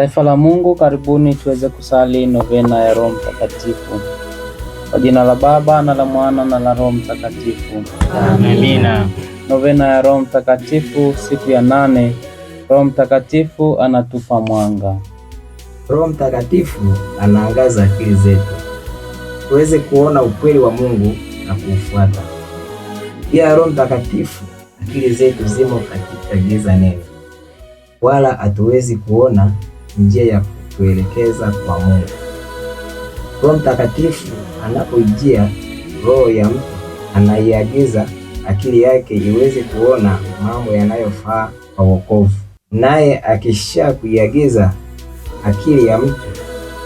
Taifa la Mungu, karibuni tuweze kusali novena ya Roho Mtakatifu. Kwa jina la Baba na la Mwana na la Roho Mtakatifu, amina. Novena ya Roho Mtakatifu, siku ya nane. Roho Mtakatifu anatupa mwanga. Roho Mtakatifu anaangaza akili zetu tuweze kuona ukweli wa Mungu na kuufuata. pia Roho Mtakatifu akili zetu zimo katika giza nene, wala hatuwezi kuona njia ya kutuelekeza kwa Mungu. Roho Mtakatifu anapoijia roho ya mtu, anaiagiza akili yake iweze kuona mambo yanayofaa kwa wokovu, naye akisha kuiagiza akili ya mtu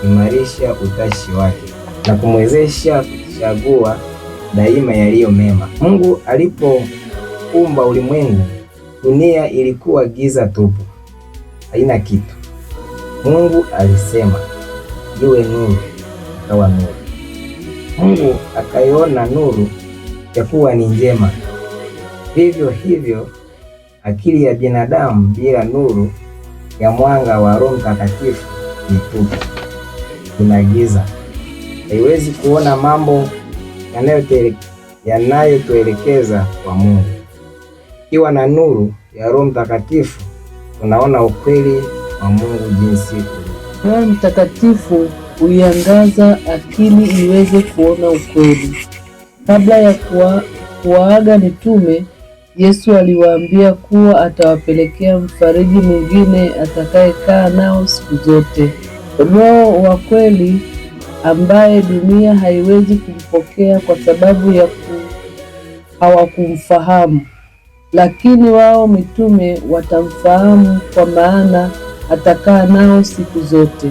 imarisha utashi wake na kumwezesha kuchagua daima yaliyo mema. Mungu alipoumba ulimwengu, dunia ilikuwa giza tupu, haina kitu. Mungu alisema iwe nuru, ikawa nuru. Mungu akaiona nuru ya kuwa ni njema. Vivyo hivyo akili ya binadamu bila nuru ya mwanga wa Roho Mtakatifu ni tupu, ina giza, haiwezi kuona mambo yanayotuelekeza kwa Mungu. Ikiwa na nuru ya Roho Mtakatifu tunaona ukweli wa Mungu jinsi ulivyo. Roho Mtakatifu huiangaza akili iweze kuona ukweli. Kabla ya kuwa, kuwaaga mitume, Yesu aliwaambia kuwa atawapelekea mfariji mwingine atakayekaa nao siku zote, Roho wa kweli ambaye dunia haiwezi kumpokea kwa sababu ya ku, hawakumfahamu, lakini wao mitume watamfahamu kwa maana atakaa nao siku zote.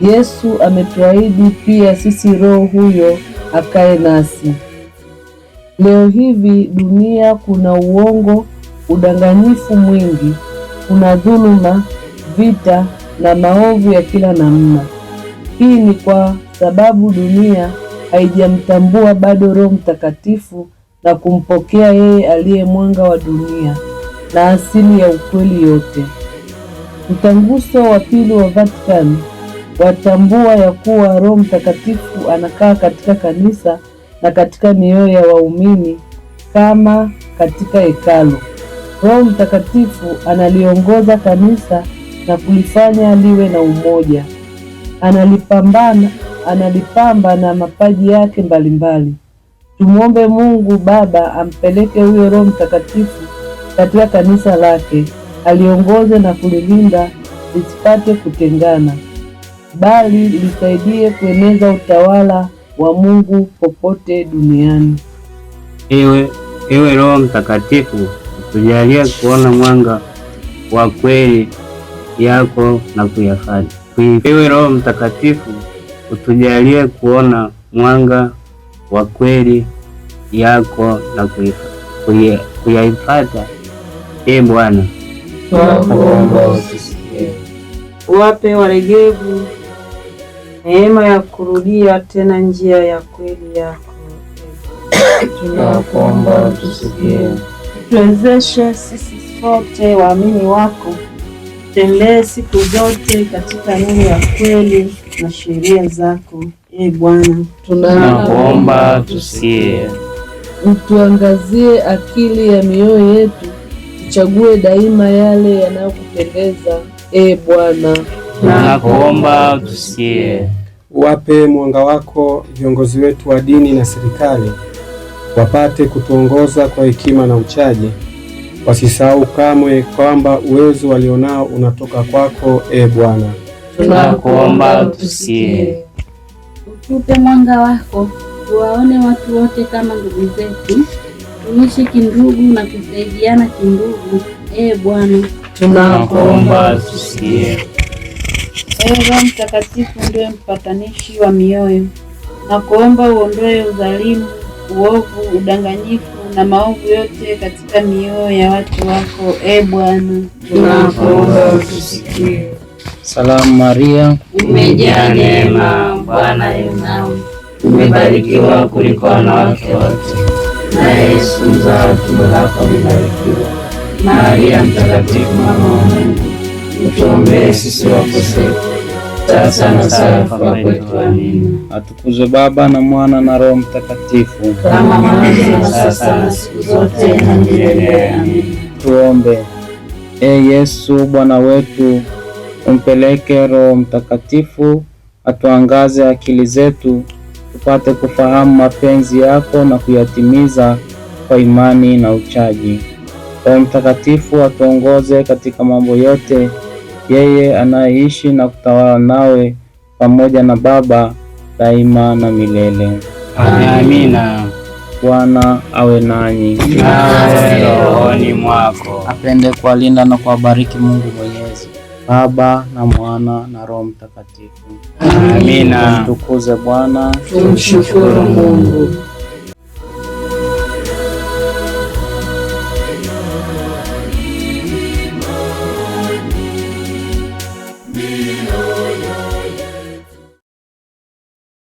Yesu ametuahidi pia sisi Roho huyo akae nasi. Leo hivi dunia kuna uongo, udanganyifu mwingi, kuna dhuluma, vita na maovu ya kila namna. Hii ni kwa sababu dunia haijamtambua bado Roho Mtakatifu na kumpokea yeye aliye mwanga wa dunia na asili ya ukweli yote. Utanguso wa Pili wa Vatican watambua ya kuwa Roho Mtakatifu anakaa katika kanisa na katika mioyo ya waumini kama katika hekalo. Roho Mtakatifu analiongoza kanisa na kulifanya liwe na umoja. Analipambana, analipamba na mapaji yake mbalimbali. Tumwombe Mungu Baba ampeleke huyo Roho Mtakatifu katika kanisa lake aliongoze na kulilinda lisipate kutengana, bali lisaidie kueneza utawala wa Mungu popote duniani. Ewe, ewe Roho Mtakatifu, tujalie kuona mwanga wa kweli yako na kuyafanya. Ewe Roho Mtakatifu, utujalie kuona mwanga wa kweli yako na kuyaifata E ee Bwana wape waregevu neema ya kurudia tena njia ya kweli yako, tunakuomba utusikie. Tuwezeshe sisi sote waamini wako tembee siku zote katika neno ya kweli na sheria zako. Ee Bwana, tunakuomba tusikie, utuangazie akili ya mioyo yetu uchague daima yale yanayokupendeza, e Bwana. nakuomba tusikie. Wape mwanga wako viongozi wetu wa dini na serikali, wapate kutuongoza kwa hekima na uchaji, wasisahau kamwe kwamba uwezo walionao unatoka kwako, e Bwana. Tunakuomba tusikie. Utupe mwanga wako, tuwaone watu wote kama ndugu zetu tuishi kindugu na kusaidiana kindugu. E Bwana, tunakuomba tusikie. Ee Roho Mtakatifu ndiye mpatanishi wa mioyo, na kuomba uondoe udhalimu, uovu, udanganyifu na maovu yote katika mioyo ya watu wako. E Bwana, tunakuomba tusikie. Salamu Maria, umejaa neema, Bwana yu nawe, umebarikiwa kuliko wanawake wote na Yesu mzao tumbo lako libarikiwa. Maria Mtakatifu, mama wa Mungu, utuombee sisi wakosefu sasa na saa ya kufa kwetu. Amina. Atukuzwe Baba na Mwana na Roho Mtakatifu, kama mwanzo na sasa na siku zote na milele. Amina. Tuombe. E Yesu Bwana wetu, umpeleke Roho Mtakatifu atuangaze akili zetu upate kufahamu mapenzi yako na kuyatimiza kwa imani na uchaji. Roho Mtakatifu atuongoze katika mambo yote, yeye anayeishi na kutawala nawe pamoja na Baba daima na milele. Amina. Bwana awe nanyi, naye rohoni mwako. Apende kuwalinda na kuwabariki Mungu Mwenyezi. Baba na Mwana na Roho Mtakatifu. Amina. Tukuze Bwana, tumshukuru Mungu.